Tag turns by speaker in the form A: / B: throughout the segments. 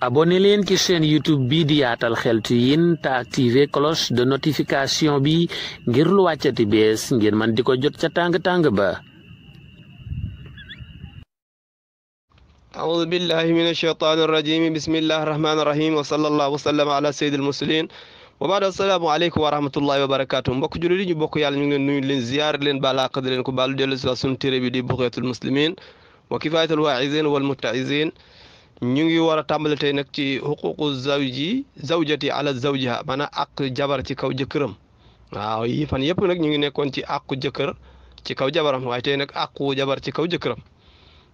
A: abonné leen ci chaîne youtube bi di yaatal xeltu yin te activé cloche de notification bi ngir lu wàccati bees ngir man di ko jot ca tàng-tàng ba أعوذ بالله من الشيطان الرجيم بسم الله الرحمن الرحيم وصلى الله وسلم على سيد المرسلين wabaada assalaamu aleykum wa rahmatullahi wa barakaatu mbokk jullit yi ñu bokk yàlla ñu ngi leen nuyu leen ziyaar leen balaaq di leen ko baalu dellu si suñu téere bi di buqyatul muslimin wa kifayatul waaizin wal mutaisin ñu ngi war a tàmbali tey nag ci xuququ zawji zawjati ala zawjiha maanaam ak jabar ci kaw jëkkëram waaw yii fan yëpp nag ñu ngi nekkoon ci àqu jëkkër ci kaw jabaram waaye tey nag àqu jabar ci kaw jëkkëram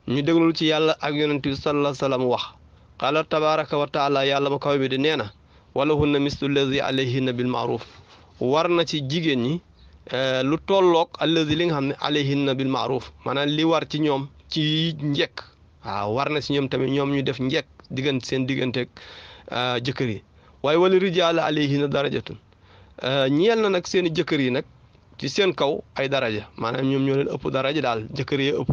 A: ñu déglul ci yàlla ak yonent bi sallallahu salaam wax qaala tabaraka wa yàlla ma kaw bi di nee na walahunna mislu lazi alayhinna bil maaruf war na ci jigéen ñi eh, lu tolloog allazi li nga xam ne alayhinna bil maaruf maanaam li war ci ñoom ci njekk waaw war na si ñoom tamit ñoom ñu def njekk diggante seen digganteeg euh, jëkkër yi waaye wala rijaal alayhina darajatun euh, ñeel na nag seen i jëkkër yi nag ci seen kaw ay daraja maanaam ñoom ñoo leen ëpp daraja daal jëkkër yi ëpp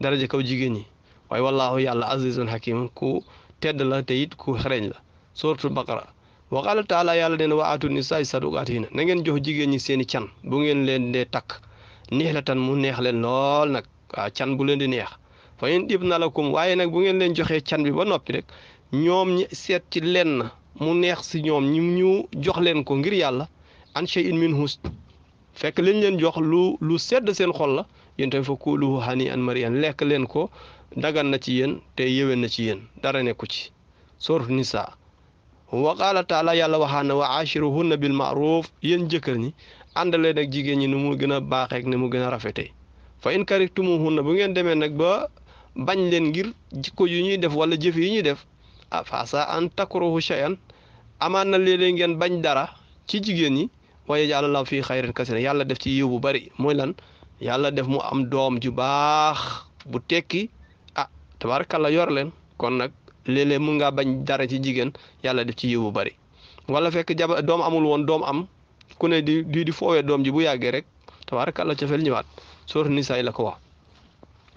A: daraja kaw jigéen ñi waaye wallaahu yàlla azizun hakim ku tedd la te it ku xereñ la suratul bakara wa qaala taala yàlla nee na wa aatu nisaa saduqaatihinna na ngeen jox jigéen ñi seen i can bu ngeen leen dee takk neex la tan mu neex leen lool nag can bu leen di neex fa in dib na lakum waaye nag bu ngeen leen joxee can bi ba noppi rek ñoom ñi seet ci lenn mu neex si ñoom ñu ñu jox leen ko ngir yàlla an shay'in minhu fekk liñ leen jox lu lu sedd seen xol la yéen tamit fa kuluhu hani an mariyan lekk leen ko dagan na ci yéen te yéwén na ci yéen dara nekku ci sooratu nisaa wa qaala taala yàlla waxaan na wa aachiruhunna bil maaruf yéen jëkkër ñi àndaleen ak jigéen ñi nu mu gën a baaxeek ni mu gën a rafetee fa in karihtumuhunna demee nag bañ leen ngir jikko yu ñuy def wala jëf yu ñuy def ah faasa an takrahu shay'an amaan na léeg ngeen bañ dara ci jigéen ñi waaye yàlla fii xayran kasiran yàlla def ci yiw bu bari mooy lan yàlla def mu am doom ju baax bu tekki ah tabaarakalla yor leen kon nag léeg-léeg mun ngaa bañ dara ci jigéen yàlla def ci yiw bu bari wala fekk jaba doom amul woon doom am ku ne di di foowee doom ji bu yàggee rek tabaarakalla cofeel ñëwaat sóor nisaay la ko wax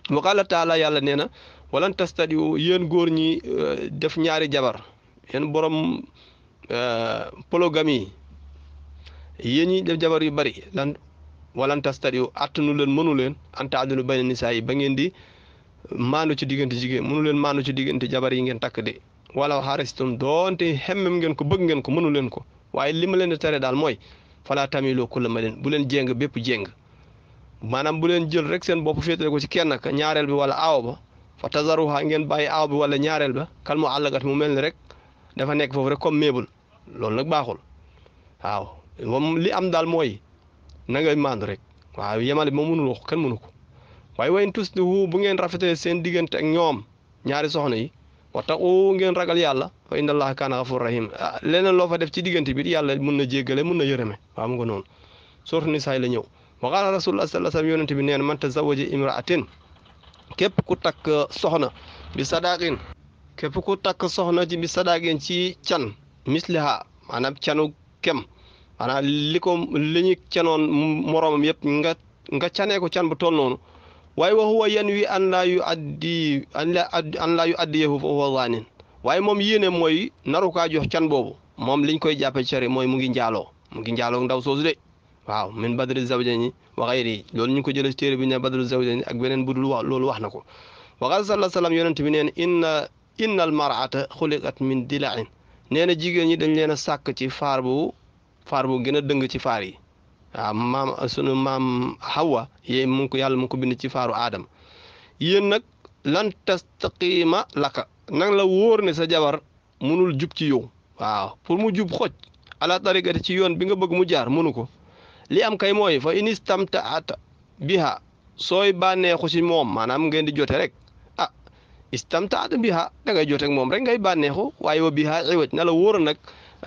A: wa qaala taala yàlla nee na walan tastadiu yéen góor ñi euh, def ñaari jabar yéen borom euh, polygamie yi yéen ñi def jabar yu bari lan walan tastadiu attanu leen mënu leen an taadilu bayna nisaa yi ba ngeen di maandu ci diggante jigéen mënu leen maandu ci diggante jabar yi ngeen takk de wala xaaristum doonte xemmem ngeen ko bëgg ngeen ko mënu leen ko waaye li ma leen di tere daal mooy falaa tamiloo kulla ma leen bu leen jéng bépp jéng maanaam bu leen jël rek seen bopp féetale ko ci kenn ka ñaareel bi wala aaw ba fa tazaruha ngeen bàyyi aw bi wala ñaareel ba kan mu àllagat mu mel ni rek dafa nekk foofu rek comme meebul loolu nag baaxul waaw li am daal mooy na ngay maandu rek waaw yemale bi moom mënul wax kenn mënu ko waaye wayn tuslihu bu ngeen rafetee seen diggante ak ñoom ñaari soxna yi wattaqu ngeen ragal yàlla fa inna allaha kaana gafuur rahim ah, leneen loo fa def ci diggante bi yàlla mun na jéggale mun na yërëme waaw nga noonu sortu ni la ñëw wa qaala rasulullah sallallahu alayhi wasallam yonent bi nee na man képp ku takk soxna bi sadaqin képp ku takk soxna ci bi sadaqin ci can misliha maanaam canu kem maanaam li ko li ñu canoon moroom yëpp nga nga canee ko can bu toll noonu waaye wa yan wi an laa yu addi an laa an laa waaye moom yéene mooy naru kaa jox can boobu moom liñ koy jàppe cere mooy mu ngi njaaloo mu ngi njaaloo ndaw soosu de waaw min badri zawjayni wa xayri loolu ñu ko jëlee ci bi bi ne badru zawjayni ak beneen budul wax loolu wax na ko waxal sala salaam yonent bi neen inna innal mar'ata xuliqat min dilain nee na jigéen ñi dañ leen a sàkk ci faar bu faar bu gën a dëng ci faar yi waaw maam sunu maam Hawa yéen mu ko yàlla mu ko bind ci faaru aadam yéen nag lan tastaqima lakk nang la wóor ne sa jabar munul jub ci yow waaw pour mu jub xoj ala tariqati ci yoon bi nga bëgg mu jaar mënu ko li am kay mooy fa ini inistamtaata biha sooy bànneexu ci moom maanaam ngeen di jote rek ah istamtaata biha da ngay jote moom rek ngay bànneexu waaye wa biha iwaj na la wóor nag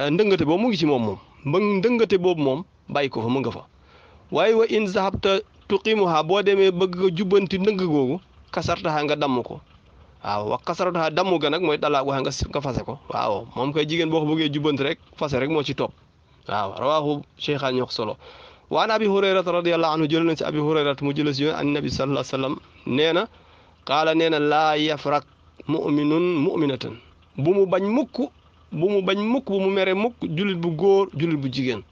A: eh, ndëngate boobu mu ngi ci moom moom ba ndëngate boobu moom bàyyi ko fa mu nga fa waaye wa in zahabta tuqimuha boo demee bëgg jubbanti ndëng googu kasartaha nga damm ko waaw wax kasartaha damm ga nag mooy dalaag waxa nga nga fase ko waaw moom kay jigéen boo ko bëggee jubbanti rek fase rek moo ci topp waaw rawaahu ñox solo wa an abi hurayrata radiallahu anhu jël nañ si abi hurayrata mu jële si yoon an nabi sallallahu alayhi wasallam nee na qaala nee na laa yafrak muminun muminatan bu mu bañ mukk bu mu bañ mukk bu mu mere mukk jullit bu góor jullit bu jigéen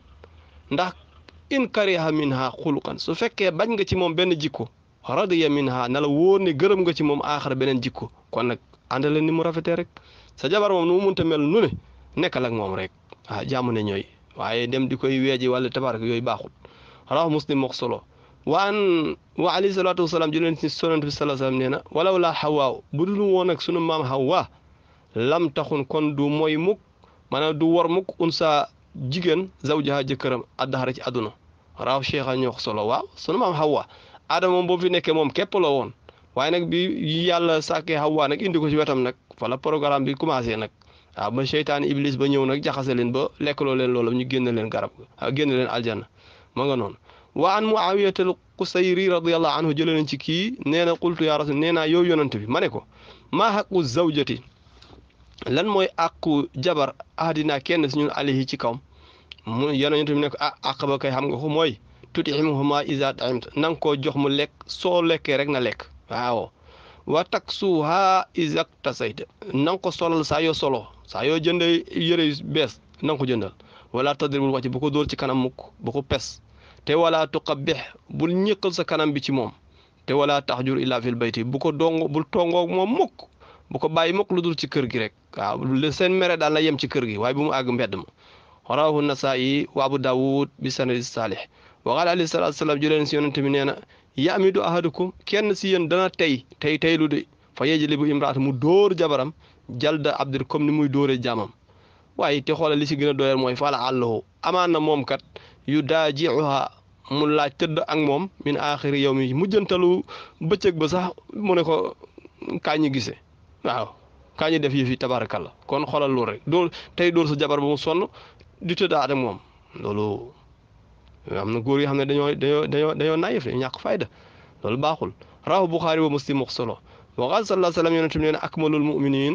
A: ndax in kariha minha xuluqan su fekkee bañ nga ci moom benn jikko radiya minha na la wóor ne gërëm nga ci moom aaxar beneen jikko kon nag àndale ni mu rafetee rek sa jabar moom nu mu munta mel nu ne nekkal ak moom rek ah jàmm ñooy waaye dem di koy weeji wala tabarak yooyu baaxul rawahu muslim mook solo waa an wa alayhi salaatu wasalaam jëleen ci sonant bi salaa salaam nee na walaw laa xawaaw bu dul woon ak sunu maam xawaa lam taxun kon du mooy mukk maanaam du wor mukk unsa jigéen zawjaha jëkkëram addaxara ci àdduna raw cheikh a ñoo solo waaw sunu maam xawaa adama moom boo fi nekkee moom képp la woon waaye nag bi yàlla sàkkee xawaa nag indi ko ci wetam nag fa la programme bi commencé nag waaw ba seytaane iblis ba ñëw nag jaxase leen ba lekkaloo leen loola ñu génn leen garab génn leen aljanna ma nga noon waa an muawiyata al qusayri radiallahu anhu jëlee nañ ci kii nee na qultu rasul nee naa yow yonante bi ma ne ko maa xaqu zawjati lan mooy àqu jabar ahdinaa kenn si ñun alayhi ci kawm mu yonante bi ne ah àq kay xam nga ko mooy tut'imuhuma iza ta'imta na nga koo jox mu lekk soo lekkee rek na lekk waaw wa taksuha iza tasayta na nga ko solal saa yoo solo saa yoo jëndee yëre yu bees na nga ko jëndal wala tadribul wajh bu ko dóor ci kanam mukk ko pes te wala tuqabbih bul ñëkkal sa kanam bi ci moom te wala taxjur illa fil bayti bu ko dong bul tongoog moom mukk bu ko bàyyi mukk lu dul ci kër gi rek waaw seen mere daal na yem ci kër gi waaye bu mu àgg mbedd ma rawahu nasaa'i wa abu daawud bi sanadi saalih wa qaala alayhi salaatu salaam juleen si yonente bi nee na yamidu ahadukum kenn si yéen dana tey tey teylu de fa yejlibu imraata mu dóor jabaram jalda abdir comme ni muy dóoree jaamam waaye te xoolal li si gën a doyal mooy fala àllahu amaan na moom yu daajiuha mu laaj tëdd ak moom min aaxiri yow mi mujjantalu bëccëg ba sax mu ne ko kaa ñi gise waaw kaa ñi def yëf yi kon xoolal loolu rek doo tey dóor sa jabar ba mu sonn di tëdd ak moom loolu am na góor yoo xam ne dañoo dañoo dañoo dañoo naayif dañoo ñàkk fayda loolu baaxul rawahu Buxaari wa Muslim wax solo wa qaala sallallaahu alayhi wa sallam yonent bi nee na akmalul muminin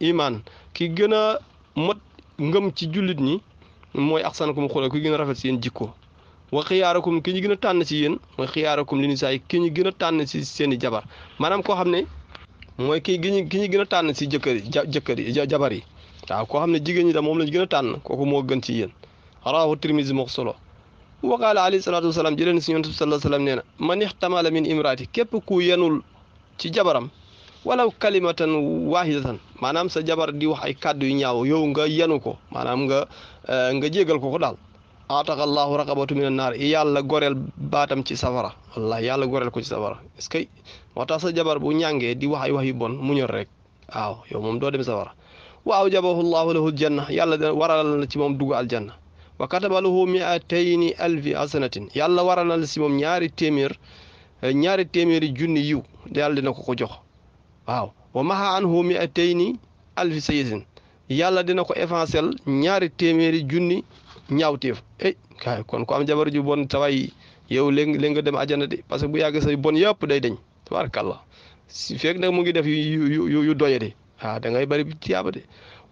A: iman ki gën a mot ngëm ci jullit ñi mooy axsanakum xula ku gën a rafet si yéen jikko wa xiyaarakum ki ñu gën a tànn si yéen mooy xiyaarakum li nisaa yi ki ñu gën a tànn si seen i jabar maanaam koo xam ne mooy ki gi ñu gën a tànn si jëkkër yi ja jëkkër yi jabar yi waaw koo xam ne jigéen ñi da moom lañu gën a tànn kooku moo gën ci yéen rawahu tirmisi moo solo wa qaala alayhi salaatu wasalaam jëleen si yonent bi sallallahu alayhi wa sallam nee na man ixtamala min imraati képp ku yenul ci jabaram walaw kalimatan wahidatan maanaam sa jabar di wax ay kàddu yu ñaaw yow nga yenu ko maanaam nga euh, nga jégal ko ko daal aataka allahu raqabatu min annaar yàlla goreel baatam ci safara wallahi yàlla goreel ko ci safara est-ce que moo tax sa jabar bu ñàngee di wax ay wax yu bon mu ñor rek waaw yow moom doo dem safara wa awjabahu llahu lahu aljanna yàlla waral na ci moom dugg aljanna wa kataba lahu miatayni alfi hasanatin yàlla waral na ci moom ñaari téeméer ñaari téeméeri junni yiw yàlla dina ko ko jox waaw wa an anhu mi atayni alfi sayyisin yàlla dina ko évancel ñaari téeméeri junni ñaawteef ey eh, kaay kon ku am jabar ju bon taway yow léegi léegi nga dem àjjana de parce que bu yàgg say bon yëpp day dañ tabarakallah si fekk mu ngi def yu yu yu de ah da ngay bëri tiyaaba de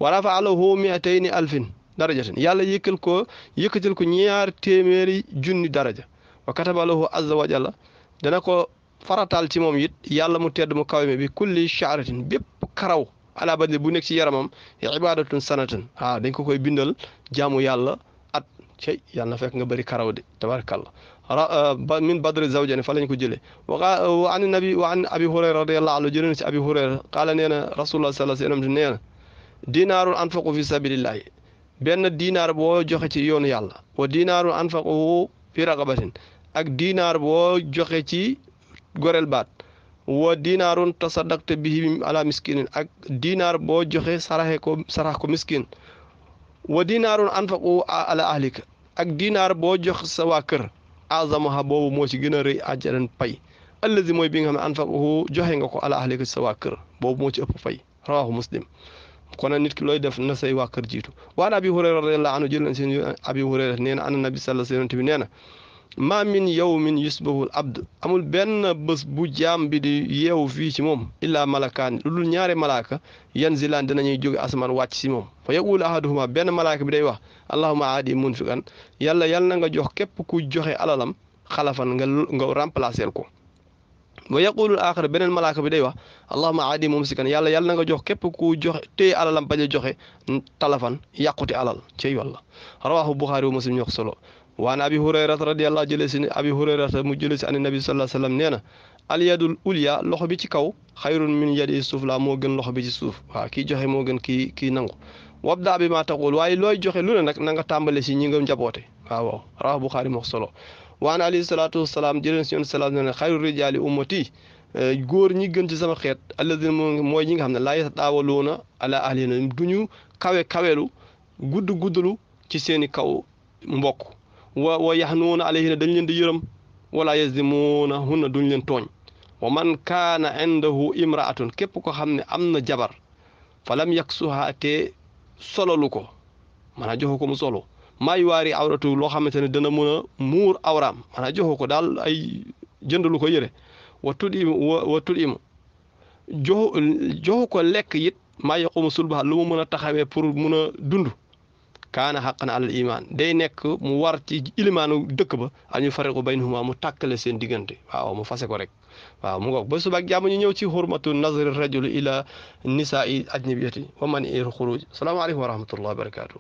A: wa rafa'a lahu ni alfin darajatin yàlla yëkkal ko yëkkatil ko ñaar téeméeri junni daraja wa kataba lahu azza wa ko farataal ci moom it yàlla mu tedd mu kawe mi bi kulli shaaratin bépp karaw ala bandi bu nekk ci yaramam ibadatun sanatan waaw ah, dañ ko koy bindal jaamu yàlla at cey yàlla fekk nga bëri karaw de tabarakallah ah, min badri zawjani fa lañ ko jëlee wa an nabi wa abi hurayra radiyallahu anhu jëlee si abi hurayra qaala nee na rasulullah sallallahu alayhi wasallam nee na dinaarun fi sabilillahi benn dinaar boo joxe ci yoonu yàlla wa dinaarun anfaqu fi raqabatin ak dinaar boo joxe ci gorel baat wa dinaarun tasaddaqte bihi ala miskin ak diinaar boo joxe saraxe ko sarax ko miskin wa anfa anfaqu ala alik ak diinaar boo jox sa waa kër azamaha boobu moo ci gën a pay allazi mooy bi nga xam ne anfaqu joxe nga ko ala ahlika ci sa waa kër boobu moo ci ëpp pay rawahu muslim kon nag nit ki looy def na say waa kër jiitu waan abi hurayra radiallahu anhu jël nañ seen abi hurayra nee na ana nabi sallallahu alayhi wa sallam nee na maa min yawmin yusbahul abd amul benn bés bu jaam bi di yeewu fii ci moom illaa malakaani lu dul ñaari malaaka yan zilaan dinañuy jóge asamaan wàcc si moom fa yaqulu ahaduhuma benn malaaka bi day wax allahuma aadi munfiqan yàlla yàlla na nga jox képp ku joxe alalam xalafan nga nga remplacer ko wa yaqulul aaxar beneen malaaka bi day wax allahuma aadi mumsikan yàlla yàlla na nga jox képp ku joxe téye alalam bañ a joxe talafan yàquti alal cey walla rawaahu buxaari wa muslim ñoo ko solo waan abi hurayrata radiyallahu jëlee abi hurayrata mu jëlee si ani nabi sallallahu alayhi wa sallam ulya loxo bi ci kaw xayrun min yadi suuf laa moo gën loxo bi ci suuf waaw ki joxe moo gën kii kii nangu wabda bi maa taqul waaye looy joxe lu ne nag nanga nga tàmbale si ñi nga njaboote waaw waaw rawax buxaari moo solo waan alayhi salaatu salaam jëleen si yoon salaam nee na xayru rijaali ummati góor ñi gën ci sama xeet alladina mooy ñi nga xam ne laa yatadaawaluuna ala ahlina duñu kawe kawelu gudd guddalu ci seeni kaw mbokk wa wa yaxnuuna alayhinna dañ leen di yërëm wala yazlimuuna hunna duñ leen tooñ wa man kaana indahu imraatun képp ko xam ne am na jabar falam yaksuhaa te sololu ko maanaam joxu ko mu solo maay waari awratu loo xamante ne dana mën muur awraam maanaam joxu ko daal ay jëndalu ko yére wa tud im wa joxu ko lekk it maa yaqumu sulbaha lu mu mën a taxawee pour mun a dund kaana xaqan alal imaan day nekk mu war ci ilimaanu dëkk ba al ñu fariqu baynahuma mu tàkkale seen diggante waaw mu fase ko rek waaw mu ngoog ba suba ak jàmm ñu ñëw ci xurmatu nazri rajul ila nisaa i ajnabiyati wa man il xuruj salaamaaleykum wa rahmatullah wa barakaatu